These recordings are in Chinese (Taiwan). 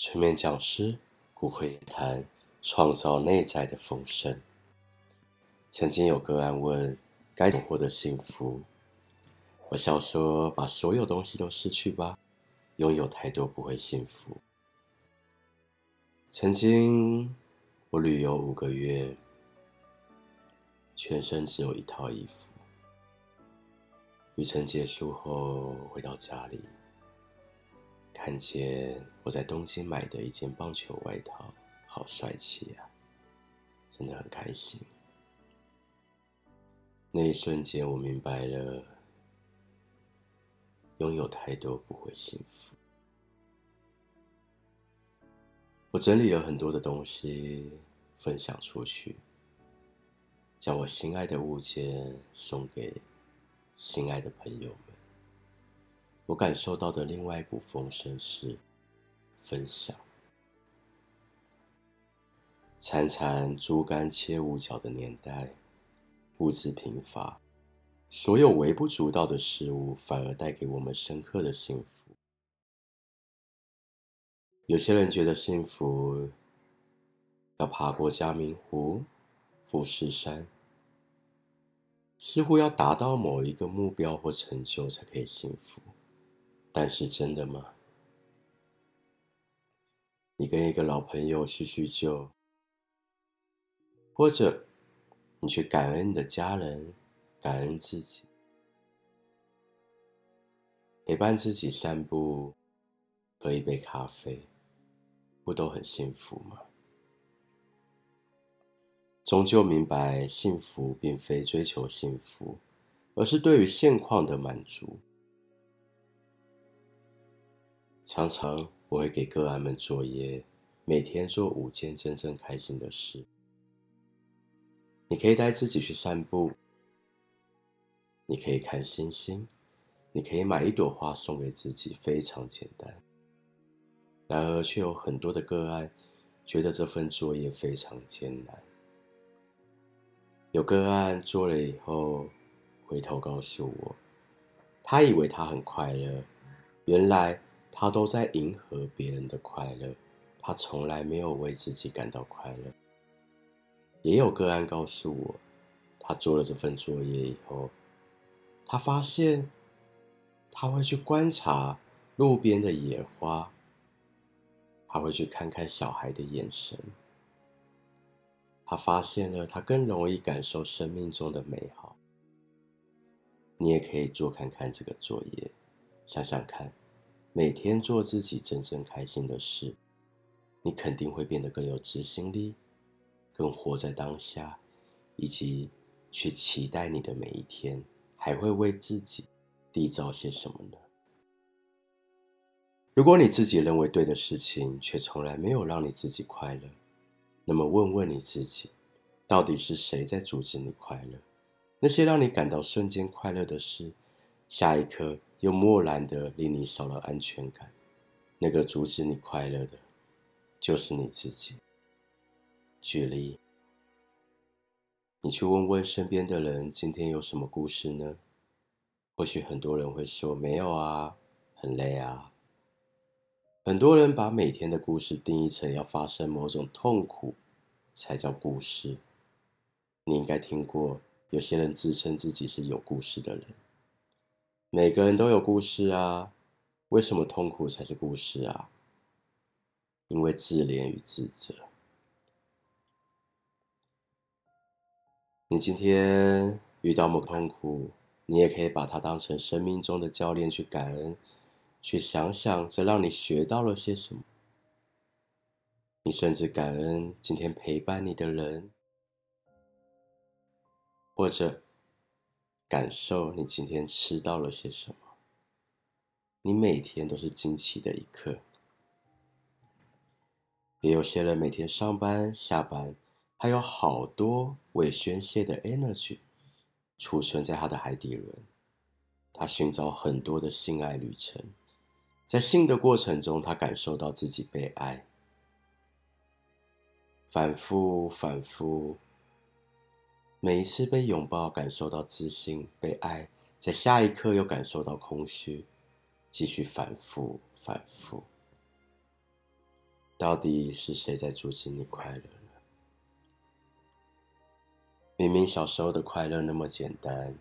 全面講師，古會談，創造內在的豐盛曾經有個案問：該怎麼獲得幸福？我笑說：把所有東西都失去吧，擁有太多不會幸福。曾經我旅遊五個月，全身只有一套衣服。旅程結束後回到家裡。看見我在東京買的一件棒球外套，好帥氣呀！真的很開心。那一瞬間，我明白了，擁有太多不會幸福。我整理了很多的東西，分享出去，將我心愛的物件送給心愛的朋友們。我感受到的另外一股風聲是分享。殘殘豬肝切五角的年代，物資貧乏，所有微不足道的事物反而帶給我們深刻的幸福。有些人覺得幸福，要爬過嘉明湖、富士山，似乎要達到某一個目標或成就才可以幸福。但是真的嗎？你跟一個老朋友敘敘舊，或者你去感恩你的家人、感恩自己，陪伴自己散步、喝一杯咖啡，不都很幸福嗎？終究明白，幸福並非追求幸福，而是對於現況的滿足。常常我會給個案們作業，每天做五件真正開心的事。你可以帶自己去散步，你可以看星星，你可以買一朵花送給自己，非常簡單。然而，卻有很多的個案覺得這份作業非常艱難。有個案做了以後，回頭告訴我，他以為他很快樂，原來，他都在迎合別人的快樂，他從來沒有為自己感到快樂。也有個案告訴我，他做了這份作業以後，他發現他會去觀察路邊的野花，他會去看看小孩的眼神，他發現了他更容易感受生命中的美好。你也可以做看看這個作業，想想看。每天做自己真正開心的事，你肯定會變得更有執行力，更活在當下，以及去期待你的每一天。還會為自己締造些什麼呢？如果你自己認為對的事情，卻從來沒有讓你自己快樂，那麼問問你自己，到底是誰在阻止你快樂？那些讓你感到瞬間快樂的事，下一刻。又漠然的令你少了安全感，那個阻止你快樂的，就是你自己。舉例，你去問問身邊的人，今天有什麼故事呢？或許很多人會說沒有啊，很累啊。很多人把每天的故事定義成要發生某種痛苦才叫故事。你應該聽過有些人自稱自己是有故事的人。每個人都有故事啊，為什麼痛苦才是故事啊？因為自憐與自責。你今天遇到什麼痛苦，你也可以把它當成生命中的教練去感恩，去想想這讓你學到了些什麼。你甚至感恩今天陪伴你的人，或者。感受你今天吃到了些什麼？你每天都是驚奇的一刻。也有些人每天上班下班，還有好多未宣洩的 energy 儲存在他的海底輪，他尋找很多的性愛旅程，在性的過程中，他感受到自己被愛，反復，反復。每一次被擁抱，感受到自信被愛，在下一刻又感受到空虛，繼續反覆反覆。到底是誰在阻止你快樂了？明明小時候的快樂那麼簡單，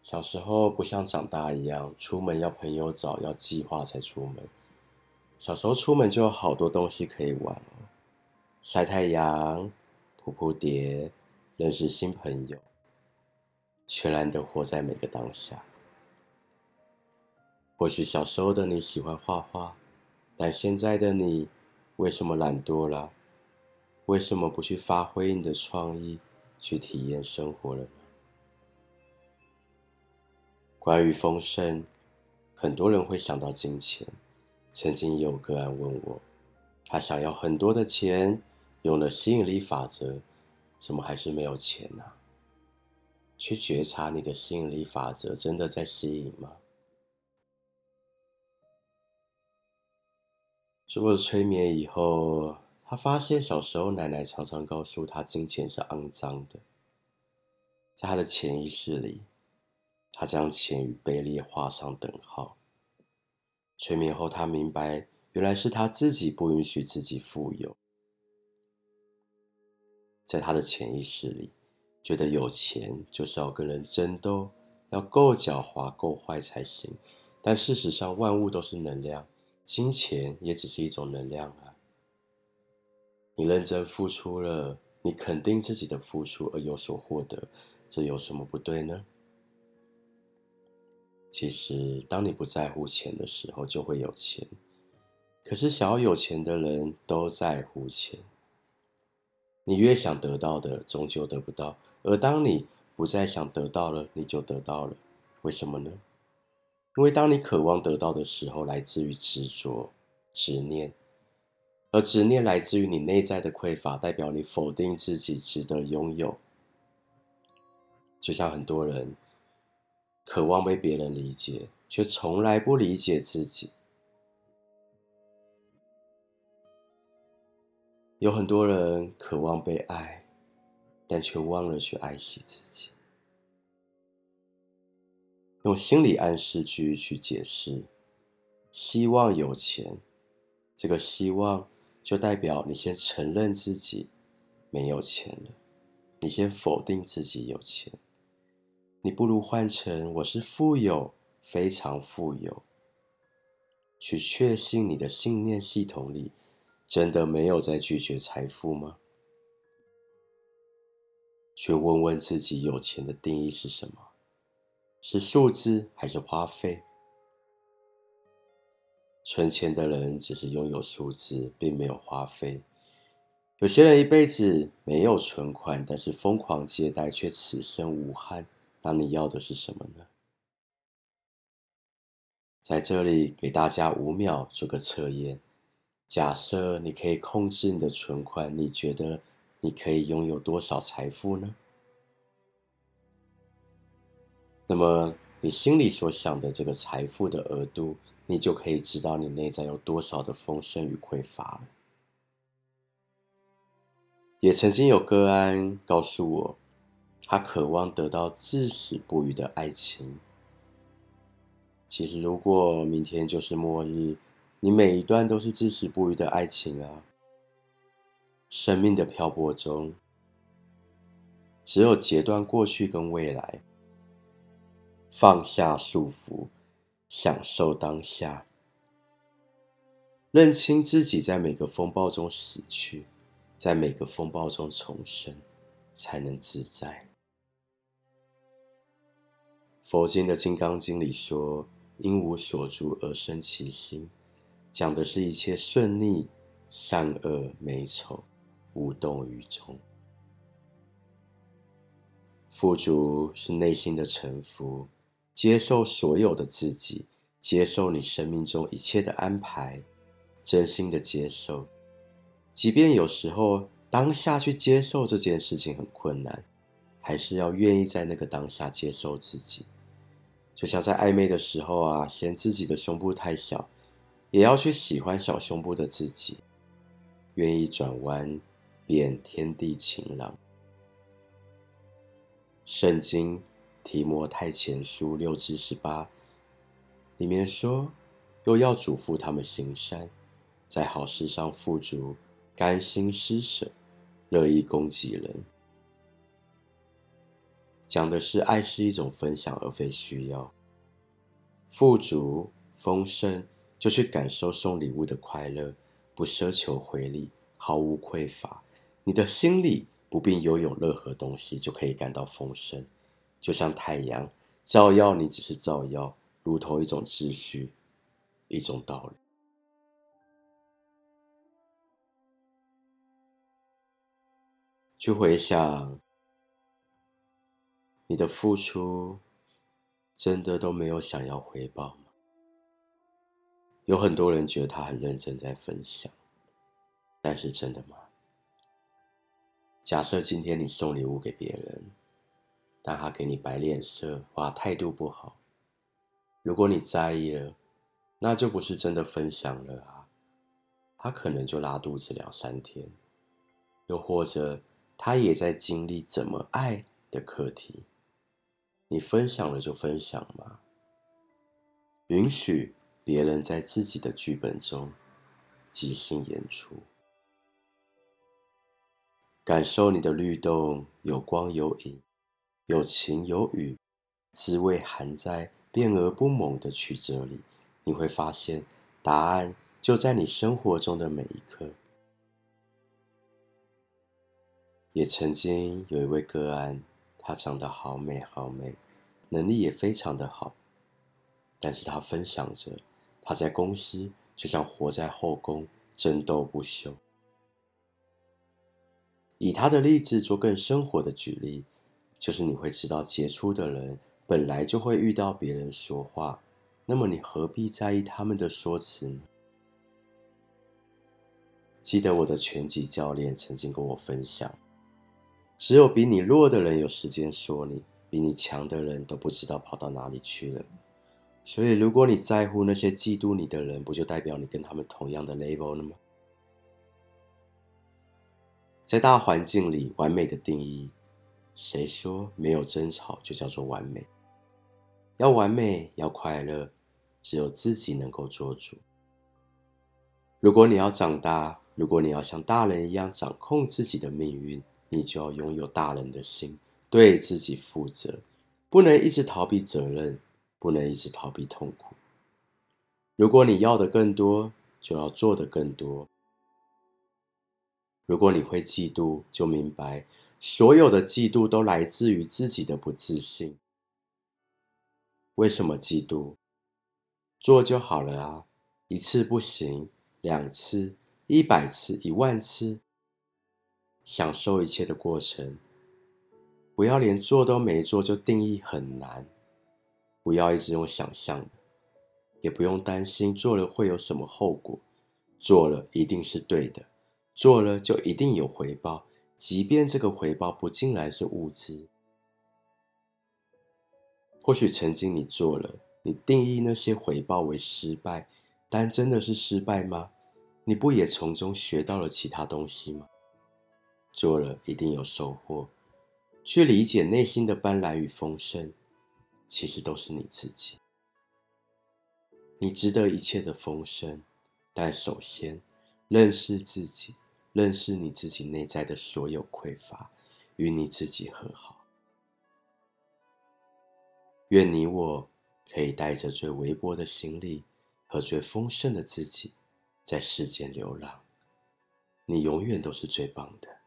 小時候不像長大一樣，出門要朋友找，要計劃才出門。小時候出門就有好多東西可以玩哦，曬太陽。蝴蝶認識新朋友，全然地活在每個當下。或許小時候的你喜歡畫畫，但現在的你為什麼懶惰了？為什麼不去發揮你的創意，去體驗生活了呢？關於豐盛，很多人會想到金錢。曾經有個案問我，他想要很多的錢。用了吸引力法則，怎麼還是沒有錢呢、啊？去覺察你的吸引力法則真的在吸引嗎？經過催眠以後，他發現小時候奶奶常常告訴他，金錢是骯髒的，在他的潛意識裡，他將錢與卑劣劃上等號。催眠後，他明白，原來是他自己不允許自己富有。在他的潛意識裡，覺得有錢就是要跟人爭鬥，要夠狡猾、夠壞才行。但事實上，萬物都是能量，金錢也只是一種能量啊。你認真付出了，你肯定自己的付出而有所獲得，這有什麼不對呢？其實，當你不在乎錢的時候，就會有錢。可是，想要有錢的人都在乎錢。你越想得到的，終究得不到；而當你不再想得到了，你就得到了。為什麼呢？因為當你渴望得到的時候，來自於執着、執念，而執念來自於你內在的匱乏，代表你否定自己值得擁有。就像很多人渴望被別人理解，卻從來不理解自己。有很多人渴望被愛，但卻忘了去愛惜自己。用心理暗示句去解釋，希望有錢，這個希望就代表你先承認自己沒有錢了，你先否定自己有錢，你不如換成我是富有，非常富有，去確信你的信念系統裡。真的沒有再拒絕財富嗎？去問問自己，有錢的定義是什麼？是數字還是花費？存錢的人只是擁有數字，並沒有花費。有些人一輩子沒有存款，但是瘋狂借貸卻此生無憾。那你要的是什麼呢？在這裡給大家五秒，做個測驗。假設你可以控制你的存款，你覺得你可以擁有多少財富呢？那麼你心裡所想的這個財富的額度，你就可以知道你內在有多少的豐盛與匱乏了。也曾經有個案告訴我，他渴望得到至死不渝的愛情。其實，如果明天就是末日。你每一段都是至死不渝的愛情啊！生命的漂泊中，只有截斷過去跟未來，放下束縛，享受當下，認清自己，在每個風暴中死去，在每個風暴中重生，才能自在。佛經的《金剛經》裡說：“應無所住而生其心。”講的是一切順逆、善惡、美醜，無動於衷。富足是內心的臣服，接受所有的自己，接受你生命中一切的安排，真心的接受。即便有時候當下去接受這件事情很困難，還是要願意在那個當下接受自己。就像在曖昧的時候啊，嫌自己的胸部太小。也要去喜歡小胸部的自己，願意轉彎，變天地晴朗。聖經提摩太前書六至十八裡面說，又要囑咐他們行善，在好事上富足，甘心施捨，樂意供給人。講的是愛是一種分享，而非需要，富足豐盛。就去感受送禮物的快樂，不奢求回禮，毫無匱乏。你的心裡不必擁有任何東西，就可以感到豐盛。就像太陽照耀你，只是照耀，如同一種秩序，一種道理。去回想，你的付出真的都沒有想要回報嗎？有很多人覺得他很認真在分享，但是真的嗎？假設今天你送禮物給別人，但他給你白臉色，哇，態度不好。如果你在意了，那就不是真的分享了啊！他可能就拉肚子兩三天，又或者他也在經歷怎麼愛的課題。你分享了就分享嘛，允許。別人在自己的劇本中即興演出，感受你的律動，有光有影，有晴有雨，滋味含在變而不猛的曲折裡。你會發現，答案就在你生活中的每一刻。也曾經有一位個案，他長得好美好美，能力也非常的好，但是他分享着。他在公司就像活在後宮，爭鬥不休。以他的例子做更生活的舉例，就是你會知道，傑出的人本來就會遇到別人說話，那麼你何必在意他們的說辭呢？記得我的拳擊教練曾經跟我分享，只有比你弱的人有時間說你，比你強的人都不知道跑到哪裡去了。所以，如果你在乎那些嫉妒你的人，不就代表你跟他們同樣的 level 了嗎？在大環境裡，完美的定義，誰說沒有爭吵就叫做完美？要完美，要快樂，只有自己能夠做主。如果你要長大，如果你要像大人一樣掌控自己的命運，你就要擁有大人的心，對自己負責，不能一直逃避責任。不能一直逃避痛苦。如果你要的更多，就要做的更多。如果你會嫉妒，就明白，所有的嫉妒都來自於自己的不自信。為什麼嫉妒？做就好了啊！一次不行，兩次，一百次，一萬次，享受一切的過程。不要連做都沒做就定義很難。不要一直用想象的，也不用擔心做了會有什麼後果，做了一定是對的，做了就一定有回報，即便這個回報不盡然是物質。或許曾經你做了，你定義那些回報為失敗，但真的是失敗嗎？你不也從中學到了其他東西嗎？做了一定有收穫，去理解內心的斑斕與豐盛。其實都是你自己，你值得一切的豐盛，但首先認識自己，認識你自己內在的所有匱乏，與你自己和好。願你我可以帶着最微薄的行李和最豐盛的自己，在世間流浪。你永遠都是最棒的。